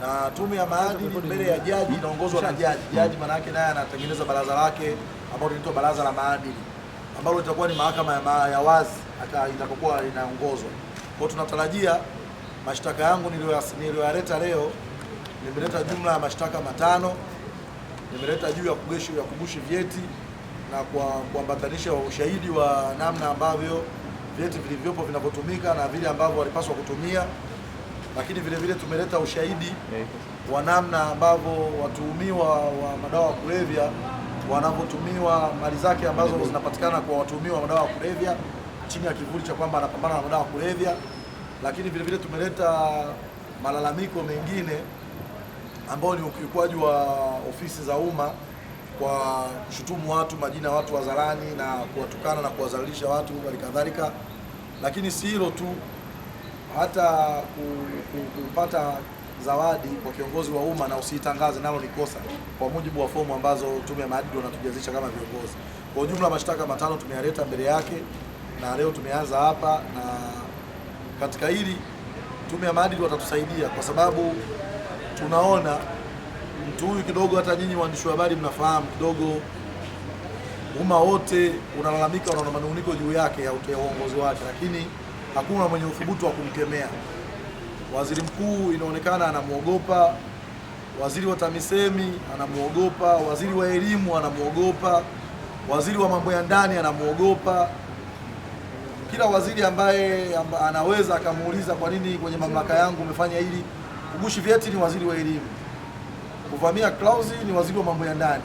na tume ya maadili mbele ya jaji inaongozwa na jaji. Jaji manake naye anatengeneza baraza lake ambalo linaitwa baraza la maadili ambalo litakuwa ni mahakama ya, ya wazi itakapokuwa inaongozwa. Kwa tunatarajia mashtaka yangu niliyoyaleta leo, nimeleta jumla ya mashtaka matano. Nimeleta juu ya kugeshi ya kugushi vyeti na kuambatanisha ushahidi wa namna ambavyo vyeti vilivyopo vinavyotumika na vile ambavyo walipaswa kutumia lakini vile vile tumeleta ushahidi eh. wa namna ambavyo watuhumiwa wa madawa ya kulevya wanavyotumiwa mali zake ambazo zinapatikana kwa watuhumiwa wa madawa ya kulevya chini ya kivuli cha kwamba anapambana na madawa ya kulevya, lakini vile vile tumeleta malalamiko mengine ambayo ni ukiukwaji wa ofisi za umma kwa kushutumu watu majina ya watu wazalani na kuwatukana na kuwazalilisha watu hali kadhalika, lakini si hilo tu hata kupata zawadi kwa kiongozi wa umma na usiitangaze, nalo ni kosa kwa mujibu wa fomu ambazo tume ya maadili wanatujazisha kama viongozi. Kwa ujumla, mashtaka matano tumeyaleta mbele yake na leo tumeanza hapa, na katika hili tume ya maadili watatusaidia kwa sababu tunaona mtu huyu kidogo, hata nyinyi waandishi wa habari mnafahamu kidogo, umma wote unalalamika, unaona manung'uniko juu yake ya uongozi wake, lakini hakuna mwenye uthubutu wa kumkemea waziri mkuu. Inaonekana anamwogopa waziri wa TAMISEMI, anamwogopa waziri wa elimu, anamwogopa waziri wa mambo ya ndani, anamwogopa kila waziri ambaye amba, anaweza akamuuliza kwa nini kwenye mamlaka yangu umefanya hili. Kugushi vyeti ni waziri wa elimu, kuvamia klausi ni waziri wa mambo ya ndani,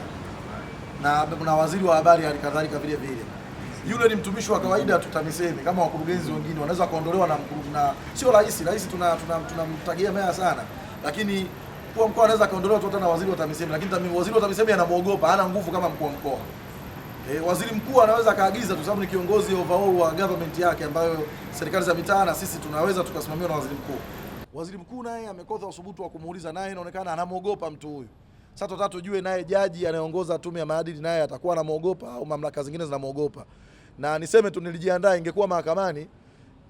na kuna waziri wa habari halikadhalika vile vile yule ni mtumishi wa kawaida tu TAMISEMI kama wakurugenzi wengine wanaweza kuondolewa na, na sio rais. Rais tunamtegemea tuna, tuna, tuna sana, lakini mkuu wa mkoa anaweza akaondolewa tu hata na waziri wa TAMISEMI, lakini waziri wa TAMISEMI anamwogopa, hana nguvu kama mkuu wa mkoa. E, waziri mkuu anaweza kaagiza tu, sababu ni kiongozi overall wa government yake ambayo serikali za mitaa na sisi tunaweza tukasimamiwa na waziri mkuu. Waziri mkuu naye amekosa usubutu wa kumuuliza, naye inaonekana anamuogopa mtu huyu. Sasa tatu tujue naye jaji anayeongoza tume ya maadili naye atakuwa anamuogopa au mamlaka zingine zinamwogopa na niseme tu nilijiandaa, ingekuwa mahakamani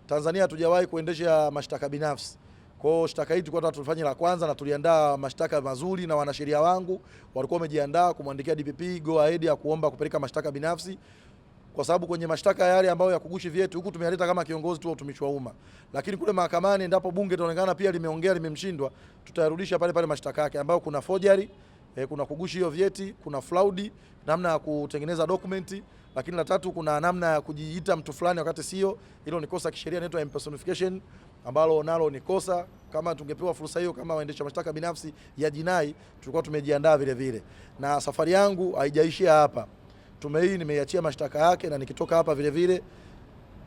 Tanzania hatujawahi kuendesha mashtaka binafsi. Kwa hiyo shtaka hili tulikuwa tunafanya la kwanza na tuliandaa mashtaka mazuri na wanasheria wangu walikuwa wamejiandaa kumwandikia DPP go ahead ya kuomba kupeleka mashtaka binafsi kwa sababu kwenye mashtaka yale ambayo ya kugushi vyetu huku tumealeta kama kiongozi tu wa utumishi wa umma, lakini kule mahakamani ndipo bunge litaonekana pia limeongea limemshindwa, tutayarudisha pale pale mashtaka yake ambayo kuna forgery e, kuna kugushi hiyo vyeti, kuna fraudi, namna ya kutengeneza dokumenti, lakini la tatu kuna namna ya kujiita mtu fulani wakati sio. Hilo ni kosa kisheria, inaitwa impersonification, ambalo nalo ni kosa. Kama tungepewa fursa hiyo kama waendesha mashtaka binafsi ya jinai, tulikuwa tumejiandaa vile vile. Na safari yangu haijaishia hapa. Tume hii nimeiachia mashtaka yake, na nikitoka hapa vile vile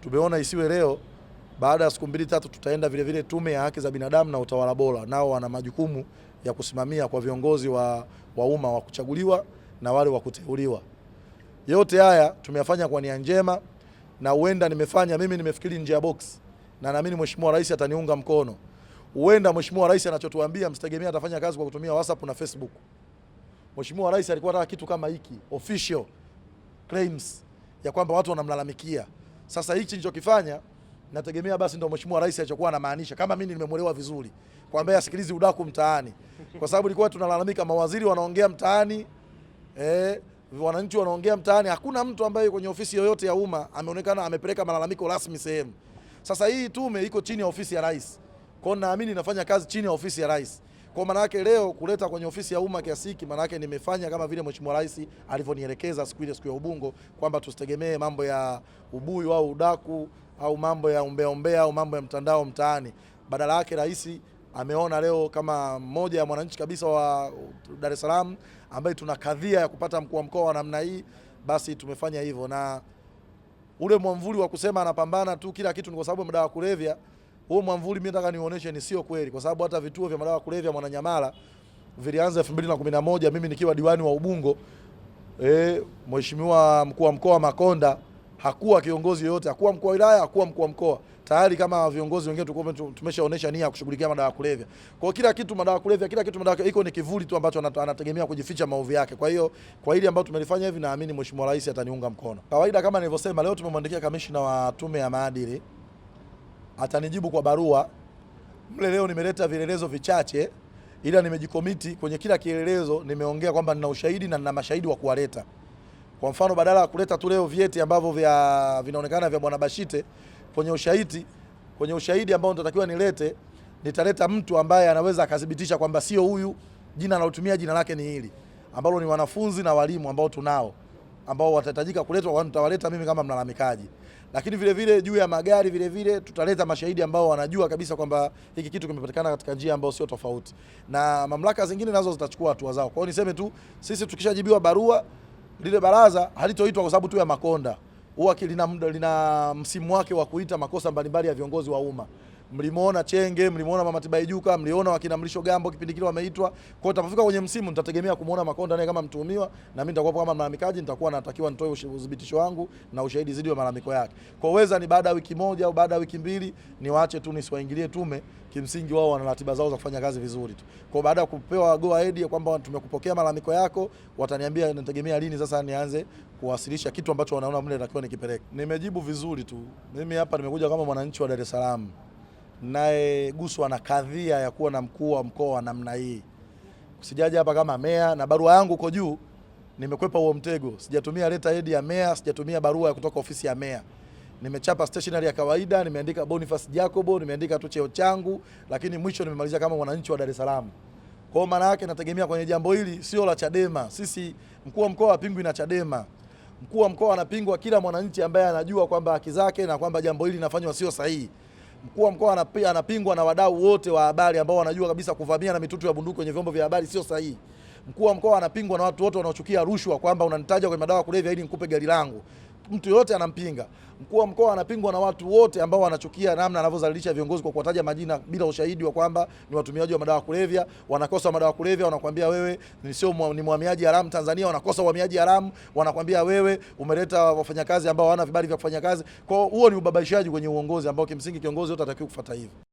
tumeona isiwe leo baada ya siku mbili tatu, tutaenda vile vile Tume ya Haki za Binadamu na Utawala Bora, nao wana majukumu ya kusimamia kwa viongozi wa wa umma wa kuchaguliwa na wale wa kuteuliwa. Yote haya tumeyafanya kwa nia njema, na huenda nimefanya mimi nimefikiri nje ya box, na naamini Mheshimiwa Rais ataniunga mkono. Huenda Mheshimiwa Rais anachotuambia msitegemea atafanya kazi kwa kutumia WhatsApp na Facebook. Mheshimiwa Rais alikuwa anataka kitu kama hiki official claims ya kwamba watu wanamlalamikia. Sasa hichi nilichokifanya nategemea basi ndo mheshimiwa rais alichokuwa anamaanisha, kama mimi nimemuelewa vizuri, kwamba asikilizi udaku mtaani, kwa sababu ilikuwa tunalalamika mawaziri wanaongea mtaani eh, wananchi wanaongea mtaani. Hakuna mtu ambaye kwenye ofisi yoyote ya umma ameonekana amepeleka malalamiko rasmi sehemu. Sasa hii tume iko chini ya ofisi ya rais, kwa naamini inafanya kazi chini ya ofisi ya rais. Kwa maana yake leo kuleta kwenye ofisi ya umma kiasi hiki, maana yake nimefanya kama vile Mheshimiwa Rais alivyonielekeza siku ile siku ya Ubungo kwamba tusitegemee mambo ya ubuyu au udaku au mambo ya umbea umbea au mambo ya mtandao mtaani. Badala yake rais ameona leo kama mmoja ya mwananchi kabisa wa Dar es Salaam ambaye tuna kadhia ya kupata mkuu wa mkoa wa namna hii, basi tumefanya hivyo, na ule mwamvuli wa kusema anapambana tu kila kitu ni kwa sababu ya madawa ya kulevya. Huo mwamvuli mimi nataka nionyeshe ni sio kweli, kwa sababu hata vituo vya madawa kulevya Mwananyamala vilianza 2011 mimi nikiwa diwani wa Ubungo. Eh, mheshimiwa mkuu wa mkoa Makonda hakuwa kiongozi yoyote, hakuwa mkuu wa wilaya, hakuwa mkuu wa mkoa. Tayari kama viongozi wengine tulikuwa tumeshaonesha nia ya kushughulikia madawa kulevya. Kwa hiyo kila kitu madawa kulevya, kila kitu madawa iko ni kivuli tu ambacho anategemea kujificha maovu yake. Kwa hiyo kwa hili ambalo tumelifanya hivi, naamini mheshimiwa rais ataniunga mkono. Kawaida kama nilivyosema, leo tumemwandikia kamishina wa tume ya maadili atanijibu kwa barua. Mle leo nimeleta vielelezo vichache, ila nimejikomiti kwenye kila kielelezo, nimeongea kwamba nina ushahidi na nina mashahidi wa kuwaleta. Kwa mfano, badala ya kuleta tu leo vyeti ambavyo vya vinaonekana vya bwana Bashite kwenye ushahidi, kwenye ushahidi ambao nitatakiwa nilete, nitaleta mtu ambaye anaweza akathibitisha kwamba sio huyu, jina analotumia jina lake ni hili, ambalo ni wanafunzi na walimu ambao tunao ambao watahitajika kuletwa, nitawaleta mimi kama mlalamikaji lakini vile vile juu ya magari vile vile tutaleta mashahidi ambao wanajua kabisa kwamba hiki kitu kimepatikana katika njia ambayo sio tofauti, na mamlaka zingine nazo zitachukua hatua zao. Kwa hiyo niseme tu, sisi tukishajibiwa barua, lile baraza halitoitwa kwa sababu tu ya Makonda, huwa lina, lina msimu wake wa kuita makosa mbalimbali ya viongozi wa umma mlimuona Chenge, mlimuona Mama Tibaijuka, mliona wakina Mlisho Gambo kipindi kile wameitwa. Kwa hiyo tapofika kwenye msimu nitategemea kumuona Makonda naye kama mtuhumiwa, na mimi nitakuwa kama malalamikaji, nitakuwa natakiwa nitoe udhibitisho wangu na ushahidi zidi wa malalamiko yake. Kwa weza ni baada ya wiki moja au baada ya wiki mbili, niwaache tu nisiwaingilie tume. Kimsingi wao wana ratiba zao za kufanya kazi vizuri tu. Kwa baada ya kupewa go ahead ya kwamba tumekupokea malalamiko yako, wataniambia nategemea lini sasa nianze kuwasilisha kitu ambacho wanaona mimi natakiwa nikipeleke. Nimejibu vizuri tu. Mimi hapa nimekuja kama mwananchi wa Dar es Salaam nayeguswa na kadhia ya kuwa na mkuu wa mkoa wa namna hii. Sijaja hapa kama meya na barua yangu uko juu, nimekwepa huo mtego. Sijatumia leta hedi ya meya, sijatumia barua ya kutoka ofisi ya meya. Nimechapa stationery ya kawaida, nimeandika Boniface Jacobo, nimeandika tu cheo changu, lakini mwisho nimemaliza kama mwananchi wa Dar es Salaam. Kwa maana yake nategemea kwenye jambo hili sio la Chadema. Sisi mkuu wa mkoa apingwi na Chadema. Mkuu wa mkoa anapingwa kila mwananchi ambaye anajua kwamba haki zake na kwamba jambo hili linafanywa sio sahihi mkuu wa mkoa anapingwa na wadau wote wa habari ambao wanajua kabisa kuvamia na mitutu ya bunduki kwenye vyombo vya habari sio sahihi. Mkuu wa mkoa anapingwa na watu wote wanaochukia rushwa, kwamba unanitaja kwenye madawa kulevya ili nikupe gari langu mtu yoyote anampinga. Mkuu wa mkoa anapingwa na watu wote ambao wanachukia namna anavyozalilisha viongozi kwa kuwataja majina bila ushahidi wa kwamba ni watumiaji wa madawa kulevya, wanakosa madawa kulevya, wanakwambia wewe ni sio ni mhamiaji haramu Tanzania, wanakosa uhamiaji haramu, wanakwambia wewe umeleta wafanyakazi ambao hawana vibali vya kufanya kazi. Kwa hiyo huo ni ubabaishaji kwenye uongozi ambao kimsingi kiongozi yote atakiwa kufuata hivyo.